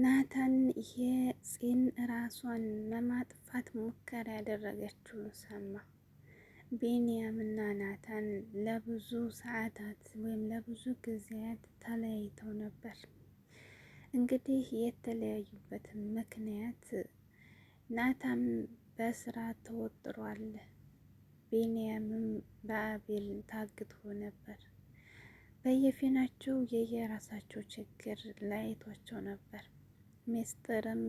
ናታን የፂን ራሷን ለማጥፋት ሙከራ ያደረገችውን ሰማ። እና ናታን ለብዙ ሰዓታት ወይም ለብዙ ጊዜያት ተለያይተው ነበር። እንግዲህ የተለያዩበት ምክንያት ናታን በስራ ተወጥሯል፣ ቤንያምም በአቤል ታግቶ ነበር። በየፊናቸው የየራሳቸው ችግር ለያይቷቸው ነበር። ምስጢርም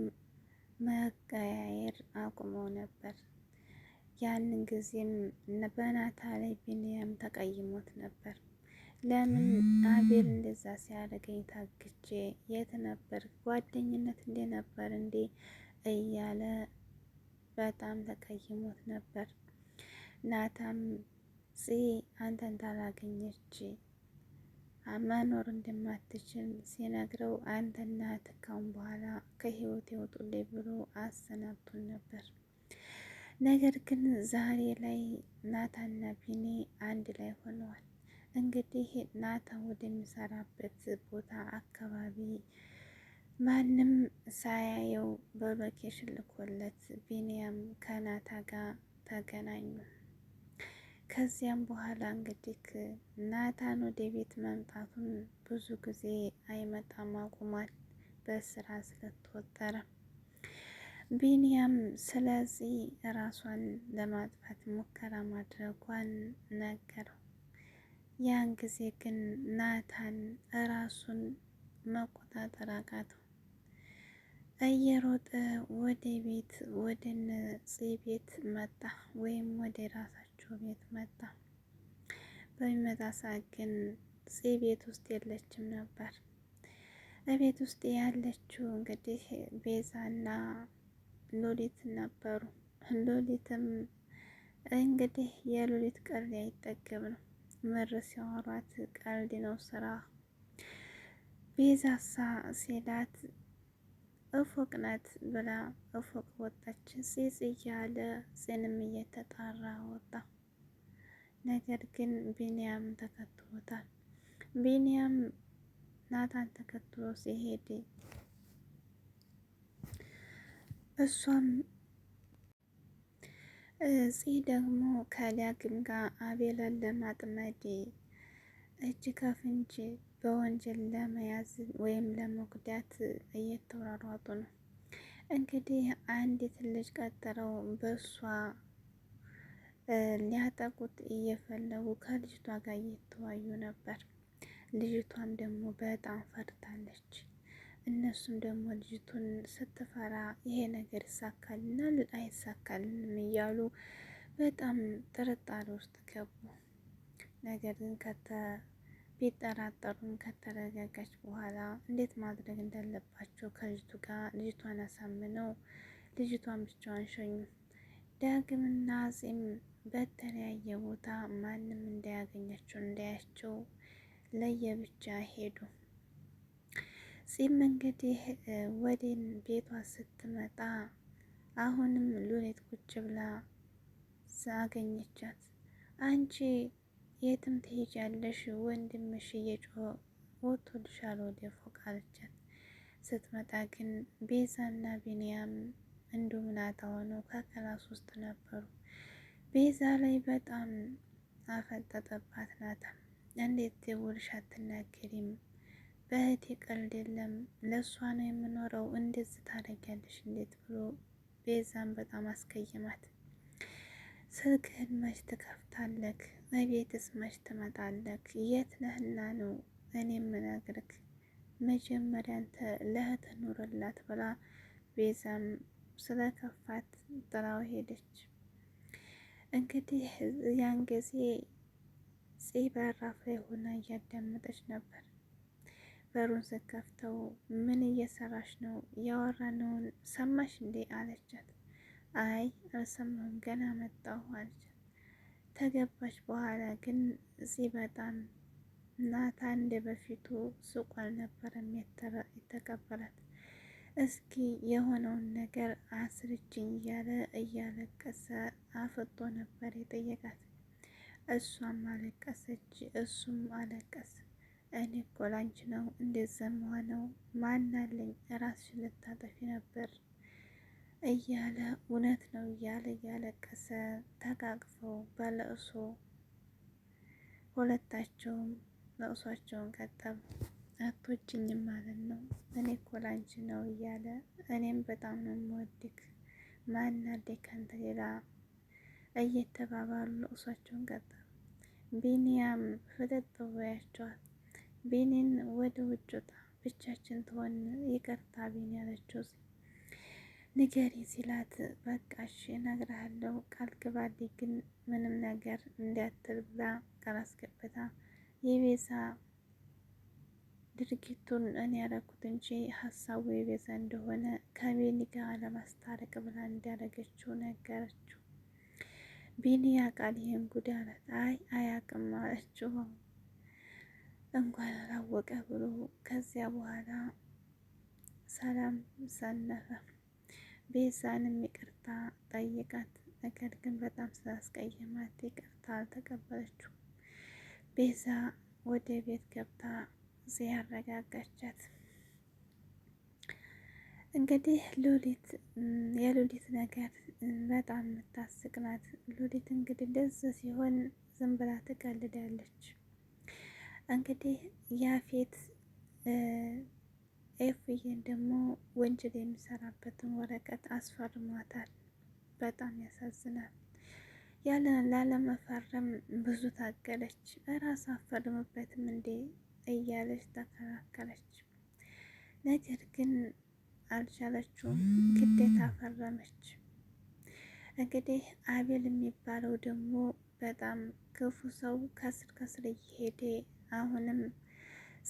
መቀያየር አቁመው ነበር። ያንን ጊዜም በናታ ላይ ቢንያም ተቀይሞት ነበር። ለምን አቤል እንደዛ ሲያደርገኝ ታግቼ የት ነበር? ጓደኝነት እንዴ ነበር እንዴ? እያለ በጣም ተቀይሞት ነበር። ናታም ጽ አንተን ታላገኘች መኖር እንደማትችል ሲነግረው አንተ እናት ካሁን በኋላ ከህይወት ይወጡልኝ ብሎ አሰናብቶን ነበር። ነገር ግን ዛሬ ላይ ናታና ቢኒ አንድ ላይ ሆነዋል። እንግዲህ ናታ ወደሚሰራበት ቦታ አካባቢ ማንም ሳያየው በሎኬሽን ልኮለት ቢኒያም ከናታ ጋር ተገናኙ። ከዚያም በኋላ እንግዲህ ናታን ወደ ቤት መምጣቱን ብዙ ጊዜ አይመጣም አቁሟል፣ በስራ ስለተወጠረ። ቢንያም ስለዚህ ራሷን ለማጥፋት ሙከራ ማድረጓን ነገረው። ያን ጊዜ ግን ናታን ራሱን መቆጣጠር አቃተው። እየሮጠ ወደ ቤት ወደ ነፂ ቤት መጣ፣ ወይም ወደ ራሳ ቤት መጣ። በሚመጣ ሰዓት ግን ፅ ቤት ውስጥ የለችም ነበር። እቤት ውስጥ ያለችው እንግዲህ ቤዛና ሎሊት ነበሩ። ሎሊትም እንግዲህ የሎሊት ቀልድ አይጠገብ ነው። ምር ሲያወሯት ቀልድ ነው ስራ ቤዛሳ ሴላት እፎቅ ናት ብላ እፎቅ ወጣች። ጽጽ እያለ ጽንም እየተጣራ ወጣ። ነገር ግን ቢንያም ተከትሎታል። ቢንያም ናታን ተከትሎ ሲሄድ እሷም እዚህ ደግሞ ከዳግም ጋር አቤላን ለማጥመድ እጅ ከፍንጅ በወንጀል ለመያዝ ወይም ለመጉዳት እየተወራሯጡ ነው። እንግዲህ አንዲት ልጅ ቀጥረው በእሷ ሊያጠቁት እየፈለጉ ከልጅቷ ጋር እየተወያዩ ነበር። ልጅቷም ደግሞ በጣም ፈርታለች። እነሱም ደግሞ ልጅቱን ስትፈራ ይሄ ነገር ይሳካልናል አይሳካልንም እያሉ በጣም ጥርጣሬ ውስጥ ገቡ። ነገር ግን ከተ ቢጠራጠሩም ከተረጋጋች በኋላ እንዴት ማድረግ እንዳለባቸው ከልጅቱ ጋር ልጅቷን አሳምነው ልጅቷን ብቻዋን ሸኙ። ዳግምና ጺም በተለያየ ቦታ ማንም እንዳያገኛቸው እንዳያቸው ለየብቻ ሄዱ። ጺም እንግዲህ ወዴን ቤቷ ስትመጣ አሁንም ሉሌት ቁጭ ብላ አገኘቻት። አንቺ የትም ትሄጃለሽ፣ ወንድምሽ እየጮኸ ወቶልሻል ወደ ፎቅ አለቻት። ስትመጣ ግን ቤዛና ቢንያም እንዲሁም ናታ ሆነው ከክላስ ውስጥ ነበሩ። ቤዛ ላይ በጣም አፈጠጠባት ናት። እንዴት ደውልሽ አትናገሪም? በእህቴ ቀልድ የለም ለእሷ ነው የምኖረው፣ እንዴት ታደርጊያለሽ? እንዴት ብሎ ቤዛን በጣም አስቀይማት። ስልክህን መች ትከፍታለክ? እቤትስ መች ትመጣለክ? የት ነህና ነው እኔ የምነግርክ? መጀመሪያ አንተ ኑርላት ብላ ቤዛም ስለከፋት ጥላው ሄደች። እንግዲህ ያን ጊዜ ጽህ በራፍ ላይ ሆና እያዳመጠች ነበር። በሩን ስከፍተው ምን እየሰራሽ ነው? ያወራነውን ሰማሽ እንዴ አለቻት። አይ አልሰማሁም ገና መጣሁ አለቻት። ተገባች በኋላ ግን ጽ በጣም ናታ እንደ በፊቱ ሱቅ አልነበረም የተቀበላት። እስኪ የሆነውን ነገር አስርጅኝ እያለ እያለቀሰ አፍጦ ነበር የጠየቃት። እሷም አለቀሰች፣ እሱም አለቀሰ። እኔ እኮ ላንቺ ነው እንደዛም ሆነው ማናለኝ ራስሽን ልታጠፊ ነበር እያለ እውነት ነው እያለ እያለቀሰ ተቃቅፈው በለእሶ ሁለታቸውም ለእሷቸውን ቀጠሉ። አቶችኝ ማለት ነው። እኔ እኮ ላንቺ ነው እያለ እኔም በጣም ነው የምወድክ ማናደ ከአንተ ሌላ እየተባባሉ ንቅሷቸውን ቀጠሉ። ቢኒያም ፍጥጥ ብሏቸዋል። ቢኒን ወደ ውጭ ውጣ ብቻችን ትሆን ይቅርታ ቢኒ ያለችው ንገሪ ሲላት በቃሽ እነግርሃለሁ ቃል ግባልኝ ግን ምንም ነገር እንዲያትል ብላ ቃል አስገብታ የቤዛ ድርጊቱን እኔ ያደረኩት እንጂ ሀሳቡ የቤዛ እንደሆነ ከቤኒ ጋር ለማስታረቅ ብላ እንዲያደረገችው ነገረችው። ቤኒ ያውቃል ይህን ጉድ አላት። አይ አያውቅም አለችው። እንኳን አላወቀ ብሎ ከዚያ በኋላ ሰላም ሰነፈ። ቤዛንም ይቅርታ ጠይቃት፣ ነገር ግን በጣም ስላስቀየማት ይቅርታ አልተቀበለችው። ቤዛ ወደ ቤት ገብታ ያረጋጋቻት እንግዲህ ሉሊት የሉሊት ነገር በጣም የምታስቅ ናት። ሉሊት እንግዲህ ደስ ሲሆን ዝም ብላ ትቀልዳለች። እንግዲህ ያፌት ኤፍዬን ደግሞ ወንጀል የሚሰራበትን ወረቀት አስፈርሟታል። በጣም ያሳዝናል። ያለ ላለመፈረም ብዙ ታገለች። እራስ አፈርምበትም እንዴ እያለች ተከራከረች። ነገር ግን አልቻለችውም፣ ግዴታ ፈረመች። እንግዲህ አቤል የሚባለው ደግሞ በጣም ክፉ ሰው ከስር ከስር እየሄደ አሁንም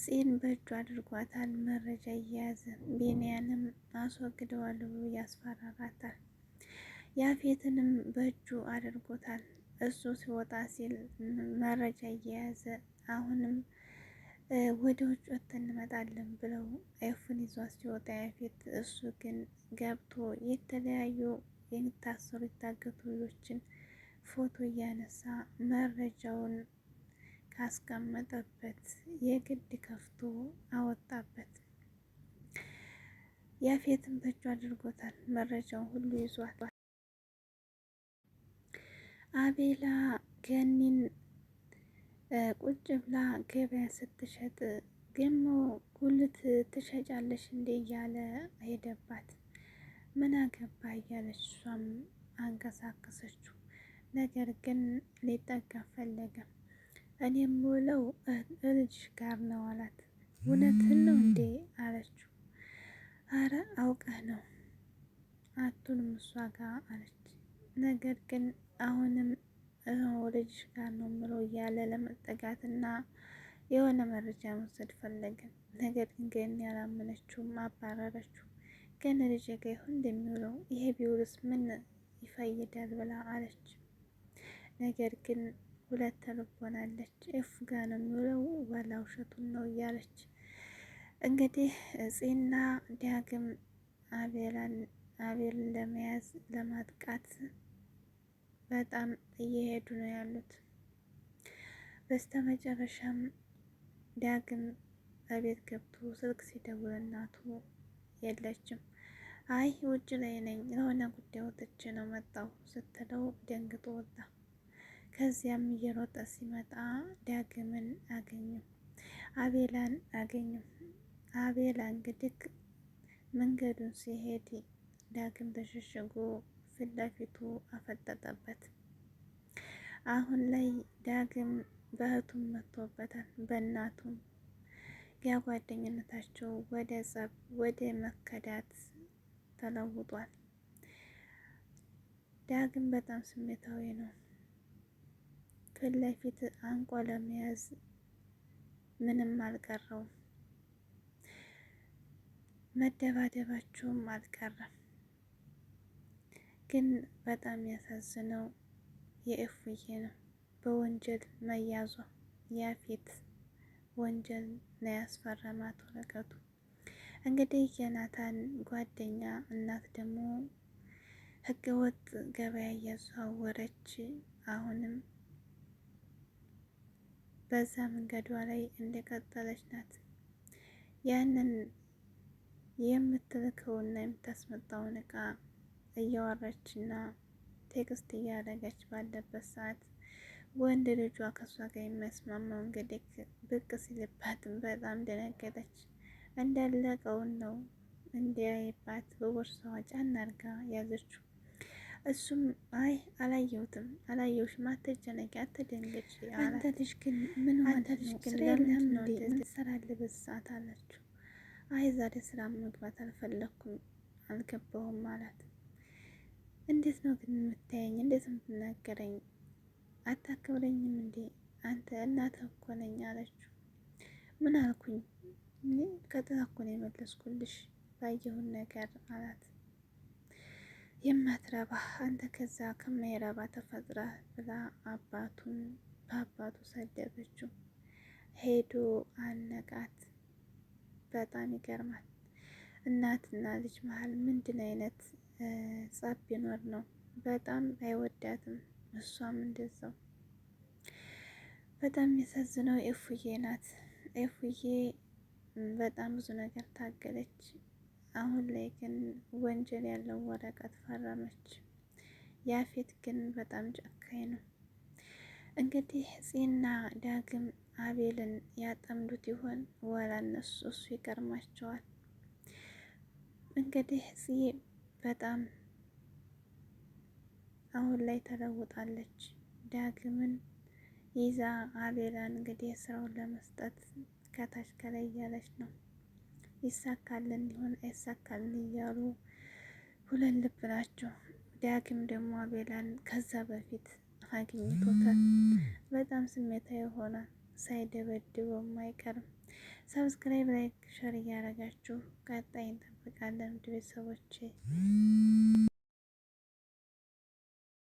ፂን በእጁ አድርጓታል። መረጃ እየያዘ ቤንያንም አስወግደዋለሁ ብሎ ያስፈራራታል። ያፌትንም በእጁ አድርጎታል። እሱ ሲወጣ ሲል መረጃ እየያዘ አሁንም ወደ ውጭ ወጥተን እንመጣለን ብለው አይፉን ይዟት ሲወጣ ያፌት እሱ ግን ገብቶ የተለያዩ የሚታሰሩ የታገቱ ልጆችን ፎቶ እያነሳ መረጃውን ካስቀመጠበት የግድ ከፍቶ አወጣበት። ያፌትን በእጁ አድርጎታል። መረጃውን ሁሉ ይዟል። አቤላ ገኒን ቁጭ ብላ ገበያ ስትሸጥ ግን ጉልት ትሸጫለሽ እንዴ እያለ ሄደባት። ምን አገባ እያለች እሷም አንቀሳቀሰችው። ነገር ግን ሊጠጋ ፈለገ። እኔ የምውለው ልጅሽ ጋር ነው አላት። እውነትን ነው እንዴ አለችው። አረ አውቀህ ነው አቱንም እሷ ጋር አለች። ነገር ግን አሁንም ወደ ልጅ ጋር ነው ምሎ እያለ እና የሆነ መረጃ መውሰድ ፈለገ። ነገር ግን ገን ያላመነችውም አባረረችው። ገን ልጅ ጋ ይሁን እንደሚውለው ይሄ ቢውልስ ምን ይፈይዳል ብላ አለች። ነገር ግን ሁለት ተልቦናለች። ኤፍ ጋ ነው የሚውለው ዋላ ውሸቱን ነው እያለች እንግዲህ እጽና ዳግም አቤል ለመያዝ ለማጥቃት በጣም እየሄዱ ነው ያሉት። በስተመጨረሻም ዳግም ከቤት ገብቶ ስልክ ሲደውል እናቱ የለችም። አይ ውጭ ላይ ነኝ ለሆነ ጉዳይ ወጥቼ ነው መጣሁ ስትለው ደንግጦ ወጣ። ከዚያም እየሮጠ ሲመጣ ዳግምን አገኘ፣ አቤላን አገኘ። አቤላ እንግዲህ መንገዱን ሲሄድ ዳግም በሸሸጉ ፊት ለፊቱ አፈጠጠበት። አሁን ላይ ዳግም በእህቱም መጥቶበታል፣ በእናቱም ያ ጓደኝነታቸው ወደ ጸብ ወደ መከዳት ተለውጧል። ዳግም በጣም ስሜታዊ ነው። ፊት ለፊት አንቆ ለመያዝ ምንም አልቀረውም። መደባደባቸውም አልቀረም። ግን በጣም ያሳዝነው የእፉዬ ነው በወንጀል መያዟ። ያፌት ወንጀል ነው ያስፈረማት ወረቀቱ። እንግዲህ የናታን ጓደኛ እናት ደግሞ ህገወጥ ገበያ እያዘዋወረች አሁንም በዛ መንገዷ ላይ እንደቀጠለች ናት። ያንን የምትልከውና የምታስመጣውን እቃ እያወራች እና ቴክስት እያደረገች ባለበት ሰዓት ወንድ ልጇ ከእሷ ጋር የሚያስማማው እንግዲህ ብቅ ሲልባትም በጣም ደነገጠች። እንዳለቀውን ነው እንዲያይባት በቦርሳዋ ጫን አርጋ ያዘችው። እሱም አይ አላየሁትም፣ አላየሁሽም፣ አትጨነቂ፣ አትደንግጭ። አንተ ልጅ ግን ምን አንተ ልጅ ግን ለምን ነው ትሰራለህ በዚህ ሰዓት አለችው። አይ ዛሬ ስራ መግባት አልፈለኩም አልገባሁም አላት። እንዴት ነው ግን የምታየኝ? እንዴት የምትናገረኝ? አታከብረኝም እንዴ አንተ? እናትህ እኮ ነኝ አለችው። ምን አልኩኝ? እኔ ቀጥታ እኮ ነው የመለስኩልሽ ባየሁን ነገር አላት። የማትረባ አንተ ከዛ ከማይረባ ተፈጥራ ብላ አባቱን በአባቱ ሰደበችው። ሄዶ አነቃት። በጣም ይገርማል። እናትና ልጅ መሀል ምንድን አይነት ጸብ ቢኖር ነው። በጣም አይወዳትም፣ እሷም እንደዛው። በጣም የሚያሳዝነው ኤፉዬ ናት። ኤፉዬ በጣም ብዙ ነገር ታገለች። አሁን ላይ ግን ወንጀል ያለው ወረቀት ፈረመች። ያፌት ግን በጣም ጨካኝ ነው። እንግዲህ ጽና ዳግም አቤልን ያጠምዱት ይሆን ወላ እነሱ እሱ ይቀርማቸዋል? እንግዲህ በጣም አሁን ላይ ተለውጣለች። ዳግምን ይዛ አቤላን እንግዲህ ስራውን ለመስጠት ከታች ከላይ እያለች ነው። ይሳካልን ይሆን አይሳካልን እያሉ ሁለት ልብ ናቸው። ዳግም ደግሞ አቤላን ከዛ በፊት አግኝቶታል። በጣም ስሜታ የሆነ ሳይደበድበውም አይቀርም። ሰብስክራይብ፣ ላይክ፣ ሸር እያረጋችሁ ቀጣይ እንጠብቃለን ውድ ቤተሰቦቼ።